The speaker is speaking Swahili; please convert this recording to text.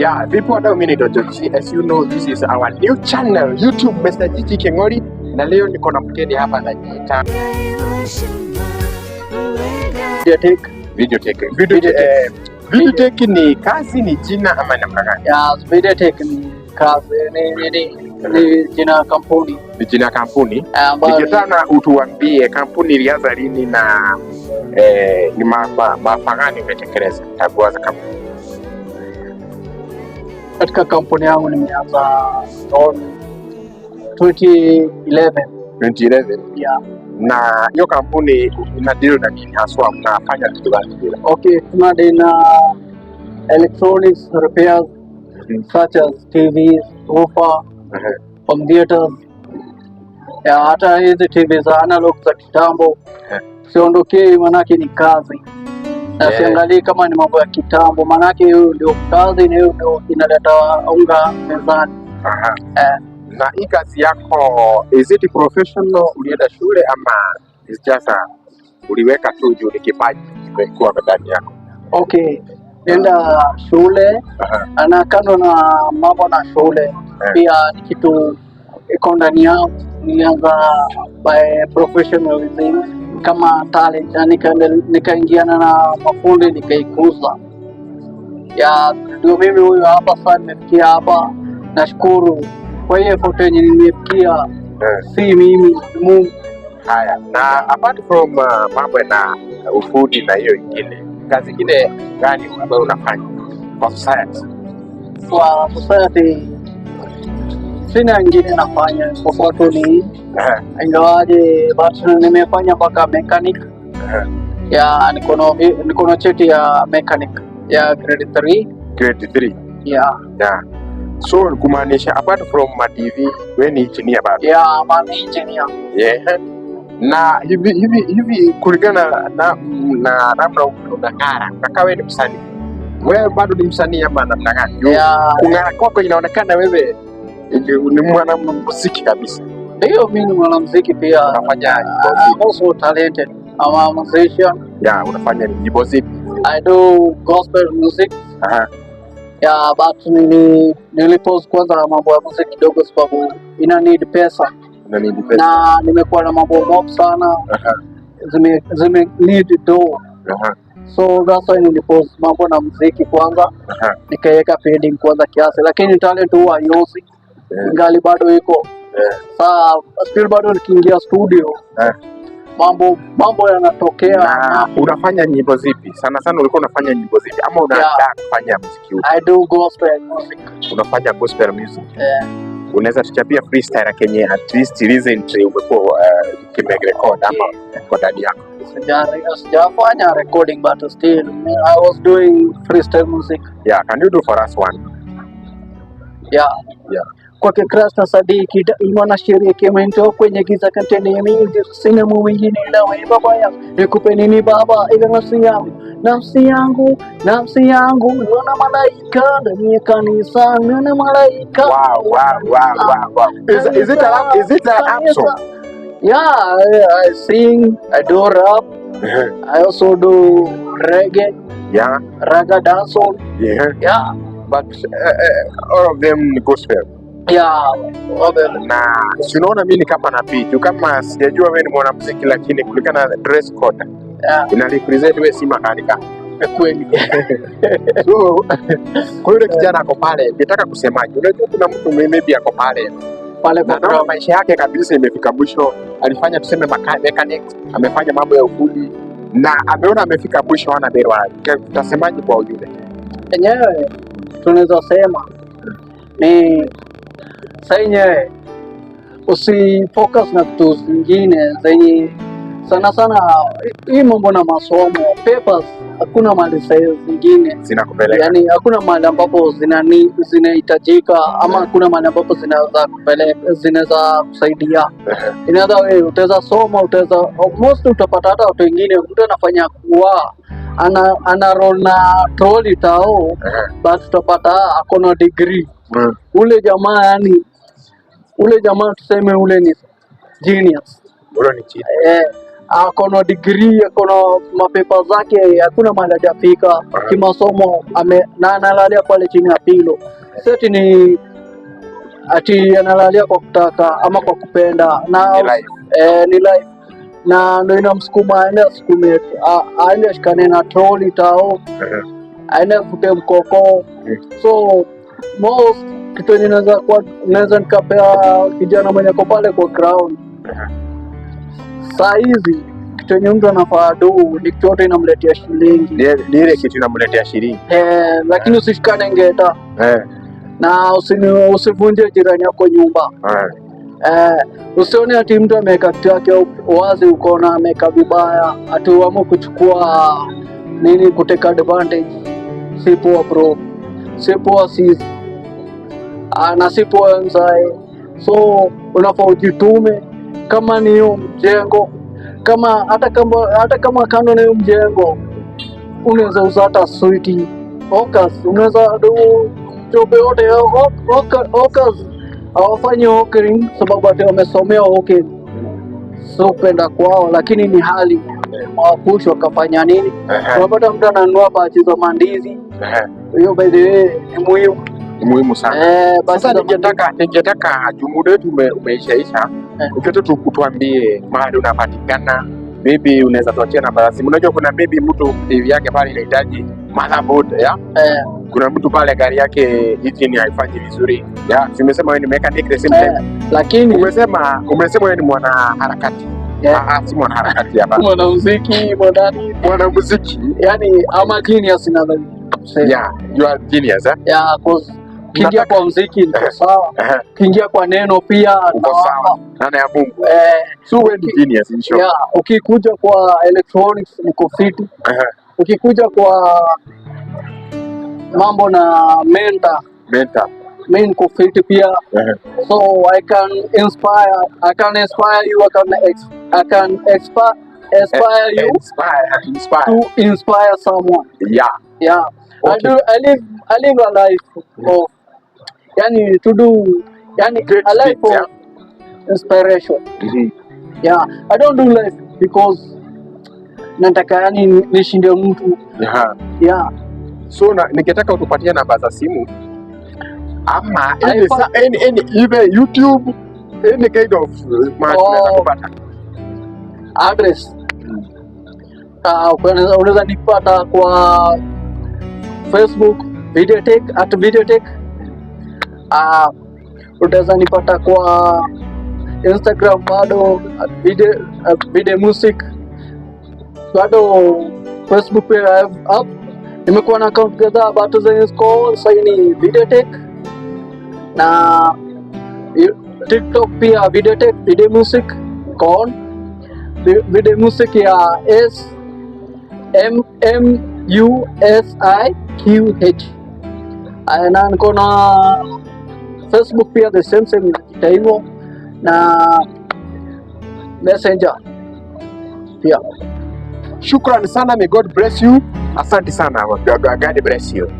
Yeah, people wadau, mimi naitwa John C. As you know, this is our new channel YouTube Mr. Jiji Kengori. na leo niko na mgeni hapa Video Videotech. Video Videotech. Video Videotech eh, ni kazi ni jina ama namna gani? Yeah, Videotech ni kazi ni ni ni jina kampuni. Ni jina kampuni. Eh, Ningetaka utuambie kampuni ilianza lini na eh, ni mafa gani umetekeleza? Tabua za kampuni katika kampuni yangu nimeanza 2011. 2011. Yeah. Na hiyo kampuni ina deal na nini haswa, mnafanya kitu gani bila? Okay, tuna deal na electronics repairs mm-hmm. such as TVs, sofa, home uh-huh. theaters. Yeah, hata hizi TV za analog za kitambo, uh-huh. siondokei manake ni kazi Asiangalie yeah, kama ni mambo ya kitambo, maanake hiyo ndio kazi na hiyo ndio inaleta unga mezani. Eh. Na hii kazi yako is it professional? Ulienda shule ama is just a uliweka tu juu ni kipaji kimekuwa ndani yako? Okay, nenda shule anakando kando na mambo na shule eh. pia ni kitu iko ndani yangu, nilianza by professionalism kama talent, nikaingiana na mafundi nikaikuza. Ya ndio mimi huyu hapa sasa nimefikia hapa, nashukuru kwa hiyo pote yenye nimefikia, eh. si mimi Mungu. Haya, na apart from uh, mambo uh, na ufundi na hiyo ingine, kazi ingine gani ambayo unafanya kwa society? Kwa society Sina ingine nafanya isipokuwa tu ni ingawaje, basi nimefanya mpaka mechanic ya nikono cheti ya mechanic ya grade 3. Grade 3. Yeah. Yeah. So kumaanisha apart from madivi we ni engineer bado? Yeah, mimi engineer. Yeah. Na hivi hivi hivi kulingana na na namna unang'ara, kaka wewe ni msanii. Wewe bado ni msanii ama namna gani? Yeah. Kung'ara kwako inaonekana wewe ni mwanamuziki kabisa. Ndio, mimi ni mwanamuziki pia. Unafanya ah, also talented. ama musician. Ya, unafanya nyimbo zipi? I do gospel music. Aha. Yeah, but nili nilipose kwanza na mambo ya muziki kidogo sababu ina need pesa. Ina need pesa. Na nimekuwa na mambo mob sana. Aha. Zime zime need dough. Aha. So that's why nilipose mambo na muziki kwanza. Aha. Nikaweka pending kwanza kiasi, lakini talent huwa haiozi yeah. Ngali bado iko Saa still bado nikiingia studio Mambo mambo yanatokea na, unafanya nyimbo zipi sana sana? Ulikuwa unafanya nyimbo zipi ama unaandaa kufanya muziki upi? I do gospel music. Unafanya gospel music yeah. Unaweza tuchapia freestyle kenye at least recently umekuwa uh, kimerekod ama yeah. kwa dadi yako? Sijafanya recording but still I was doing freestyle music. Yeah, can you do for us one? Yeah. Yeah kwake na Sadiki daima na shiriki mento kwenye giza kantene mingi, sina mwingine ila wewe baba yangu, nikupe nini baba ila nafsi yangu, nafsi yangu, nafsi yangu, nuna malaika ndani ya kanisa, nuna malaika. Wow, wow, wow, wow, wow. Is, is it a, is it a rap song? Yeah, I, sing, I do rap, uh-huh. I also do reggae, yeah, raga dancehall, yeah, yeah, but uh, uh all of them gospel na si unaona, mi ni kama napitu, kama sijajua wewe ni mwanamuziki, lakini kulikana na dress code ina represent wewe si makanika kweli. Kwa yule kijana ako pale, nitaka kusemaje? Unajua kuna mtu maybe ako pale pale kwa na maisha yake kabisa imefika mwisho, alifanya tuseme mechanic, amefanya mambo ya ufundi na ameona amefika mwisho, hana berwa. Utasemaje kwa ujumbe? Enyewe tunaweza sema ni zenye usifocus na vitu zingine zenye sana sana hii mambo na masomo papers, hakuna mali zingine yani hakuna mali ambapo zinahitajika zina ama hakuna mali ambapo zinaweza kupeleka zinaweza kusaidia inaweza wewe utaweza soma utaweza most utapata hata watu wengine, mtu anafanya kuwa ana anarona troli tao, basi utapata akona degree mm. ule jamaa yani ule jamaa tuseme ule ni genius. Ule ni chini. Eh, akona degree, akona mapepa zake, hakuna mahali hajafika kimasomo, ame na analalia pale chini ya pilo. Seti ni ati analalia kwa kutaka ama kwa kupenda na ni life. Eh, ni life na ndo inamsukuma aende asukume, aende ashikane na troli tao, aende afute mkoko mm. so kitu kitweni naweza kwa naweza nikapea kijana mwenye ko pale kwa ground. Saa hizi kitwenye mtu anafaa do ni kitu yote inamletea shilingi. Ni ile kitu inamletea shilingi. Eh, lakini usishikane ngeta. Eh. Na usini usivunje jirani yako nyumba. Eh. Eh, usione ati mtu ameweka kitu yake wazi ukona ameweka vibaya, ati uamue kuchukua nini, kuteka advantage. Si bro sipo Asisi ah, na sipo Nzae. Eh. So unafaa ujitume, kama ni hiyo mjengo kama hata kama hata kama kando na hiyo mjengo unaweza uzata switi okas, unaweza do job yote okas hawafanye okering sababu ati wamesomea okering, so penda kwao, lakini ni hali eh, mwakushi wakafanya nini? Unapata mtu ananua bachi za mandizi hiyo by the way ni muhimu ni muhimu sana. Eh, basi ningetaka ningetaka muda wetu umeishaisha, ukitu eh. tu kutuambie mahali unapatikana, maybe unaweza tuachia namba za simu. Unajua kuna maybe mtu TV yake pale inahitaji motherboard ya eh, kuna mtu pale gari yake engine haifanyi vizuri ya, simesema wewe ni mechanic the same time, lakini umesema umesema wewe ni mwana harakati Yeah. ah Si harakati hapa, mwana mwanamuziki, mwana muziki yani ama genius nadhani yeah, you are genius, eh? Yeah, cause kiingia kwa mziki niko sawa, kiingia kwa neno pia niko sawa. Nani ya Mungu. Eh, so we ni genius in short. Yeah, ukikuja kwa electronics niko fit. Uh-huh. Ukikuja kwa mambo na mentor. Mentor. Mimi niko fit pia. Uh-huh. So I can inspire, I can inspire you, I can ex I can inspire, inspire eh, you inspire, inspire. to inspire someone. Yeah. Yeah okay. I, do, I live I live a life of yani to do yani a life bit, of yeah. inspiration mm -hmm. yeah I don't do life because nataka yani nishinde mtu yeah. yeah. So na, ningetaka utupatie namba za simu ama any, any, any, either YouTube any kind of uh, oh. kupata address mm. ah, unaweza nipata kwa Facebook, Videotech at Videotech. Uh, utaweza nipata kwa Instagram bado video, uh, video music bado Facebook pia up. Nimekuwa na account kadhaa bado zenye score sasa ni Videotech na TikTok pia Videotech video music con video music ya S M M USIQH. Eh, na niko na Facebook pia the same same inajiita hivyo na Messenger pia. shukran sana, may God bless you. Asante sana, God bless you.